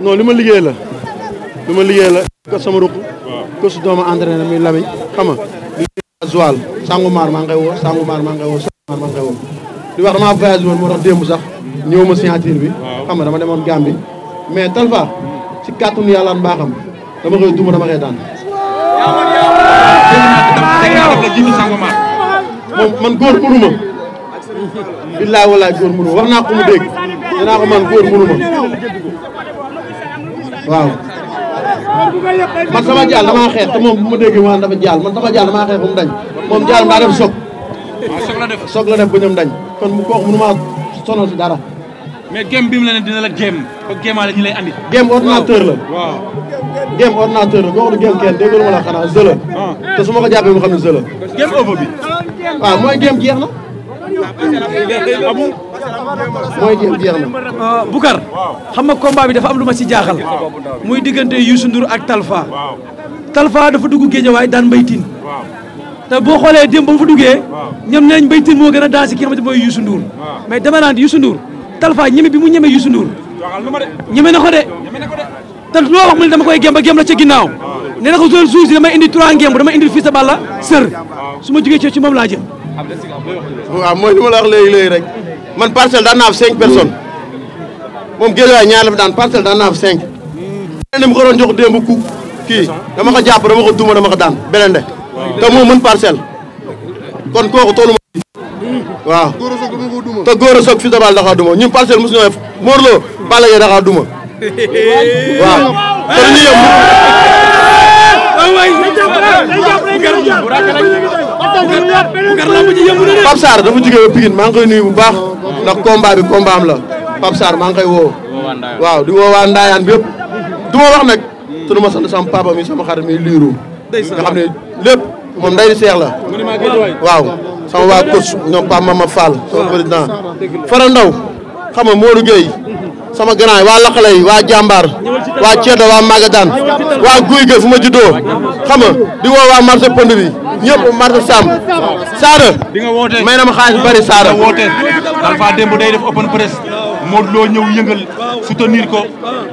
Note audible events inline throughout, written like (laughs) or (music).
non li ma liggéey la li ma liggéey la ko sama ruq ko su dooma entraîné muy lami xam nga di Joal sangu maar maa ngay woo sangu maar maa ngay sangu maar maa ngay woo wax dama voyage woon moo tax démb sax ñëw ma signature bi xam dama demoon Gambie mais Talfa ci kàttanu yàlla mbaaxam dama koy duma dama koy man góor mënuma billaay walaay góor mënuma wax naa ko mu dégg danaa ko man góor mënuma waaw man sama jaal damaa xeex te moom bu ma mu ma dafa jaal man sama jaal damaa xeex ba mu dañ moom jaalam daa def soog soog la def ba ñoom dañ kon mu kooku mënu maa sonal dara mais game bi mu la ne dina la game ba gémaale ñu lay andi game ordinateur la waaw game ordinateur la boo xam ne game kenn déggoolu ma la xanaa jeu ah. te su ma ko jàppee mu xam ne jeu la game over bi waaw mooy game jeex na ah, mooy jeex jeex na. Euh, Boucar xam nga combat bi dafa am lu ma si jaaxal. muy diggante Youssou Ndour ak Talfa. Talfa dafa dugg Géejawaay daan Mbaye Tine. te boo xoolee démb ba mu fa duggee. ñoom nee nañ Mbaye Tine moo gën a dansé ki nga xamante mooy Youssou Ndour. mais dama naan Youssou Ndour Talfa ñeme bi mu ñeme Youssou Ndour. ñeme na ko de. te loo wax mu ne dama koy gem ba gem la ca ginnaaw. nee na ko zone suuf indi trois ngemb damay indi fii sa balla sër su ma jugee ci moom laa jëm. waaw mooy li ma man parcelle daan naa fi cinq personnes moom Guédiawaye ñaar la fi daan parcelle daan naa fi cinq. beneen bi ko doon jox démb ku kii dama ko jàpp dama ko duma dama ko daan beneen de. te moo mën parcelle. kon kooku toolu ma. waaw te góor a soog fi dabal daxaa duma ñun parcelle mosu ñoo def Morlo Balla Gaye daxaa duma. waaw te ñu yem. Pape Sarr dafa jógee ba Pikine maa ngi koy nuyu bu baax ndax combat bi combat am la Pape Sarr maa ngi koy woo waaw di woo waa Ndaayaan bi yëpp du ma wax nag te du ma sant sama papa mi sama xarit mi liiru nga xam ne moom nday di seex la waaw sama waa coach ñoom Pape Mama Fall sama président Fara Ndaw xam nga Modou sama grand yi waa Laxalay waa Jàmbaar waa Ceddo waa Magadan waa Guy Ga fu ma juddoo xam nga di woo waa marché Pënd ñëpp marché Sam Saara may na ma xaalis bari Saara Alpha démb day def open press Modou Lo ñëw yëngal soutenir ko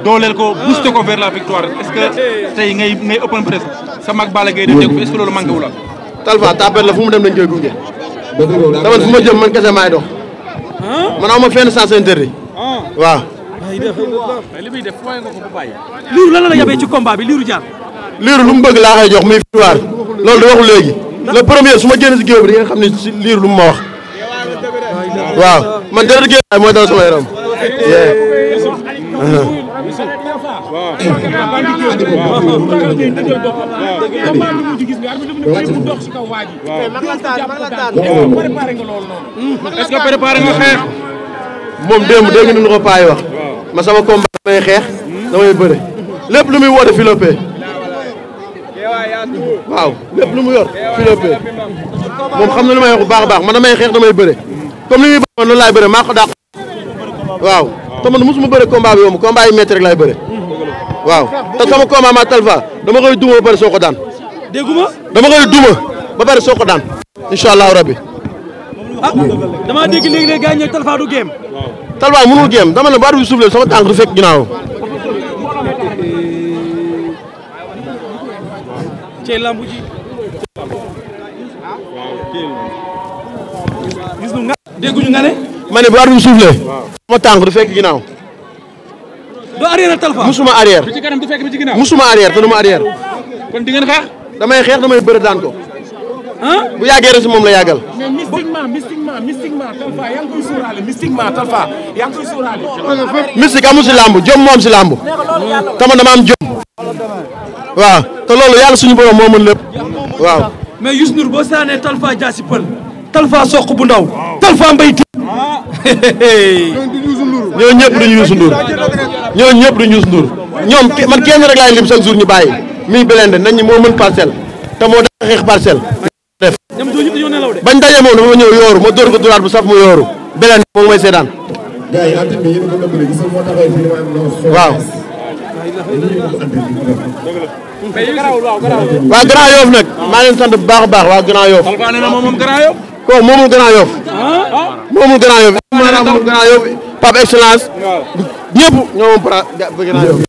dooleel ko booster ko vers la victoire est-ce que tey ngay ngay open press sa mag Balla Gaye def ko est-ce que loolu manqué wu la fu mu dem dañ koy gunge dama fu ma jëm man kese maay dox man aw ma fenn sens interdit ah. liiru lan la yabee ci combat bi liiru jaar liiru lu mu bëgg laa koy jox muy victoire loolu da waxu léegi le premier su ma génn si géew bi di nga xam ne si liiru lu mu ma wax waaw man deret géew ay mooy daw sama yaram moom démb dégg nañu ko paay wax ma sama combat damay xeex damay bëre lépp lu muy woote fii la paie waaw lépp lu mu yor fii la paie moom xam na lu may wax bu baax a baax man damay xeex damay bëre comme li muy bëre man loolu laay bëre maa ko dàq waaw te man mosuma bëre combat bi moom combat yi métti rek laay bëre waaw te sama combat ma Talfa dama koy duma ba pare soo ko daan dégguma dama koy duma ba pare soo ko daan incha allahu rabbi ah damaa dégg léegi ne gars ñooy Talfa du game Talfa mënul géem dama ne bu arbitre bi soufflé sama tànk du fekk ginnaaw. dégguñu nga ne. ma ne bu arbitre bi soufflé. sama tànk du fekk ginnaaw. doo arrière Talfa. musuma arrière bi ci kanam du fekk bi ci ginnaaw. musuma arrière te du ma arrière. kon xeex. damay xeex damay bëre daan ko. bu yàggee rek si moom la yàggal. mais mystique mystiquement mystiquement Talfa yaa ngi mystique suuraale mystiquement Talfa yaa ngi koy suuraale. mystique amul si làmb jom mo si làmb. tama dama am jom. wa te loolu yàlla suñu borom moo mën mais Youssou Ndour boo Talfa jaasi pël. Talfa soq bu ndaw. Talfa mbay ti. ñooñu ñëpp duñu Youssou Ndour. ñooñu ñëpp duñu Youssou Ndour. ñoom man kenn rek lay lim chaque jour ñu bàyyi. mi belende nañ ni mo meun parcel ta mo da xex parcel bañ daje moom dama ñëw yooru ma dóor ko duraat bu saf mu yooru beneen moom mooy seetaan. a ko dëgg gis waaw waa Grand Yoff nag maa leen sant bu baax a baax waa Grand Yoff kooku moomul Grand Yoff moomul Grand Yoff maanaam moom Grand Excellence ñëpp ñoo moom pra Grand Yoff waaw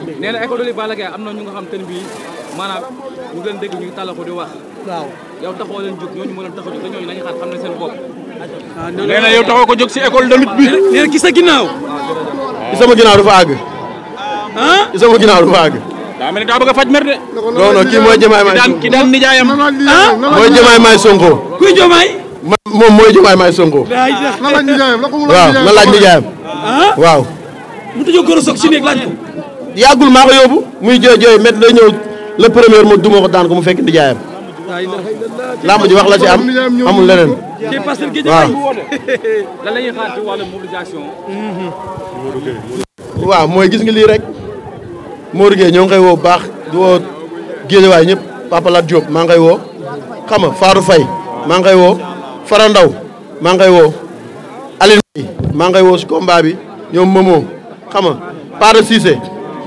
nee na école de ko di a ah, ko jóg si école de bi. Ah, nee na ki sa ginnaaw. ki sama ginnaaw du fa àgg. ah ki sama ginnaaw du fa àgg. daa mel ni daa bëgg mer de. non non kii mooy jëmaay maay Sonko ki daan nijaayam. Ah? moom mooy jëmaay maay Sonko. waaw na laaj nijaayam. waaw. mu tëjoo góor a soog si néeg laaj ko yàggul maa ko yóbbu muy jooy jooy met la ñëw le premier ma duma ko daan ko mu fekk di jaayam lamb ji wax la ci am amul leneen waaw (laughs) lan lañuy mooy gis nga lii rek moo Gueye ñoo ngi koy woo baax di woo Guédiawaay ñëpp Papa Lat Diop maa ngi koy woo xam nga Fatou Faye maa ngi koy woo Ndaw maa ngi koy woo Aline maa ngi koy woo si combat bi ñoom Momo xam nga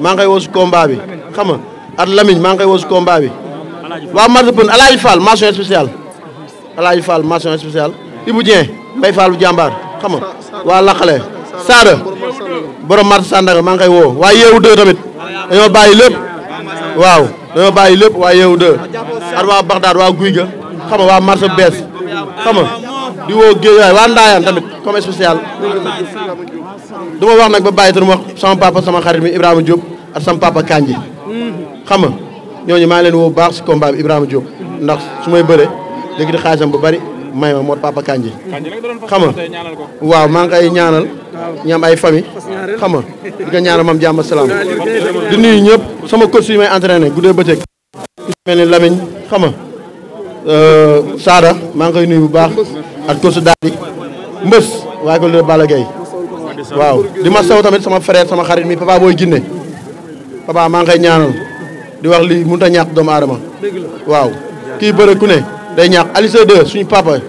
maa ngi koy woo si combat bi xam nga at Lamine maa ngi koy woo si combat bi waa Mardi Pël Alaaji Fall mention spéciale Alaaji Fall mention spéciale bu jàmbaar xam nga waa Laxale Saada borom Marti Sandaga maa ngi koy woo waa Yeewu 2 tamit dañoo bàyyi lépp waaw dañoo bàyyi lépp waa Yeewu 2 at waa Bagdad waa Guy ga waa marché bees xam di woo Géejawaay waa Ndaayaan tamit comme spécial du wax nag ba bàyyi tur ma sama papa sama xarit mi Ibrahima Diop ak sama papa Kanji xam nga ñooñu maa leen woo bu baax si combat bi Ibrahima Diop ndax su may bëre léegi di xaalisam bu bari may ma moo papa Kanji xam nga waaw maa ngi koy ñaanal ñam ay famille xam nga di ko ñaanal mam jàmm salaam di nuyu ñëpp sama coach yi may entraîné guddee bëccëg ku mel ni Lamine xam euh, Saada maa ngi koy nuyu bu baax ak course daal di mbës waaye ko le Balla Gaye waaw di ma saw tamit sama frère sama xarit mi papa boy ginné papa ma ngay ñaanal di wax lii mënut a ñàkk doomu aadama waaw ki beure ku ne day ñàkk Alice 2 suñu papa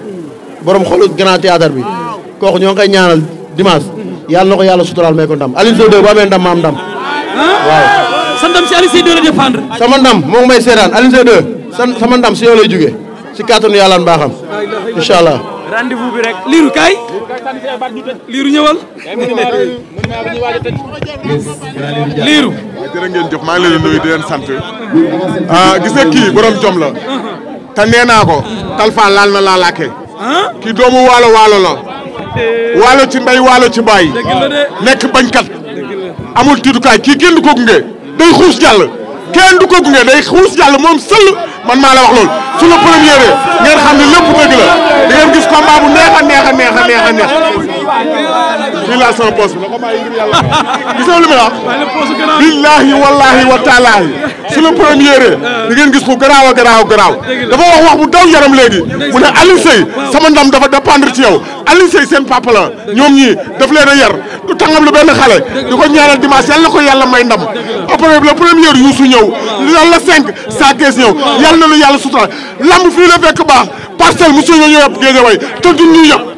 borom xolu grand théâtre bi kooku ñoo ngi ñaanal dimanche yalla nako yalla sutural may ko ndam Alice 2 ba may ndam maam ndam waaw. sa ndam si Alice 2 la défendre sama ndam ngi may seetaan Alice 2 sama ndam si yow lay juggé ci carton yalla baxam inshallah rendez-vous bi rek liiru kaay liiru ñëwal liiru jërë ngeen jëf maa ngi leen di ah, gis nga kii borom jom la te naa ko Talfa laal na kii doomu waalo waalo la waalo ci ndey waalo ci baay nekk bañkat amul tiitukaay kii kenn ko gunge day xuus jàll kenn du ko gunge day xuus yàlla moom sëll man maa la wax loolu su ngeen xam ne lépp dëgg la da ngeen gis combat bu neex a neex a neex a billaay sama poos bi la ko bàyyi ngir yàlla (laughs) gis li ma wax billaahi wallaahi wa su la première di gis ko garaaw a garaaw garaaw dafa wax wax bu daw yaram léegi mu ne Alioune Seye sama ndam dafa dépendre ci yow Alioune Seye seen papa la ñoom ñii daf leen a yar du tàngam lu benn xale di ko ñaanal dimanche yàlla na ko yalla may ndam après le premier Youssou ñëw lan la cinq sa kees ñëw yàlla na lu yàlla sutura lamb fii la fekk baax parcelle monsieur ñoo ñëw yëpp géej way te duñ ñu yëpp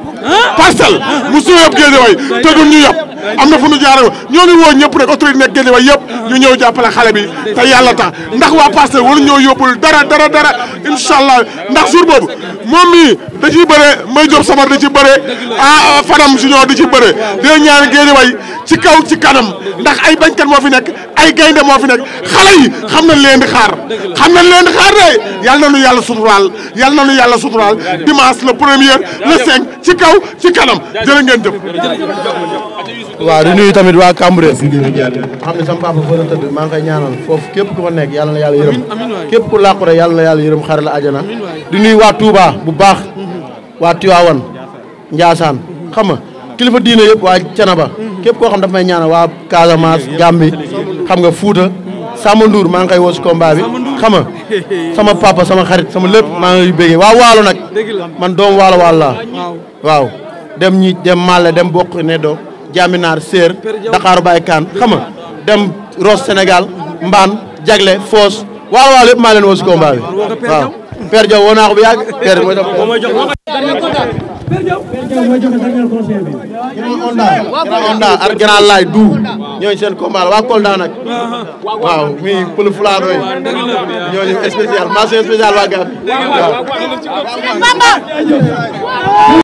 parcelle musu yëpp géejewaay te duñ ñu yëpp am na fu ñu jaaree ñoo ñu woo ñëpp rek autorité nekk yëpp ñu ñëw jàppale xale bi te yàlla tax ndax waa parcelle wala ñoo yóbbul dara dara dara incha allah ndax jour boobu moom mii da ciy bëre may job samar da ci bëre ah Fadam si ñoo di ci bëre dina ñaan géejewaay ci kaw ci kanam ndax ay bañkat moo fi nekk ay gaynde moo fi nekk xale xam na leen di xaar xam nañ leen di xaar de yal na nu yàlla suturaal yal na nu yàlla suturaal dimanche le premier le cinq ci kaw ci kanam jërë ngeen jëf. waaw di nuyu tamit waa Cambérène. xam ne sama papa maa ngi koy ñaanal foofu képp ku fa nekk yàlla na yàlla yërëm képp ku làqu rek yàlla na yàlla yërëm xare la ajana di nuyu waa Touba bu baax mhm. waa Tivaouane Ndiassane xam nga kilifa diine yëpp waa Canaba képp koo xam dafa may ñaanal waa Casamance Gambie xam nga Fouta Samba Ndour maa ngi koy woo si combat bi sama papa sama xarit sama lépp maa ngi bëggee waa waalo nag man doom waalo waalo laa waaw dem ñi dem Malle dem bokk ne do Jaminaar Séer Dakar Baye Kaan xam nga dem Ross Sénégal Mbaan Jagle Foos waalo waalo yëpp maa leen woo si waaw Père Diaw woo naa ko yàgg Père mooy jox dernier conseil bi. grand Onda grand Onda du ñooñu seen combat la waa Kolda nag waaw muy pël fulaaro yi ñooñu spécial mention spéciale waa Gambie waaw.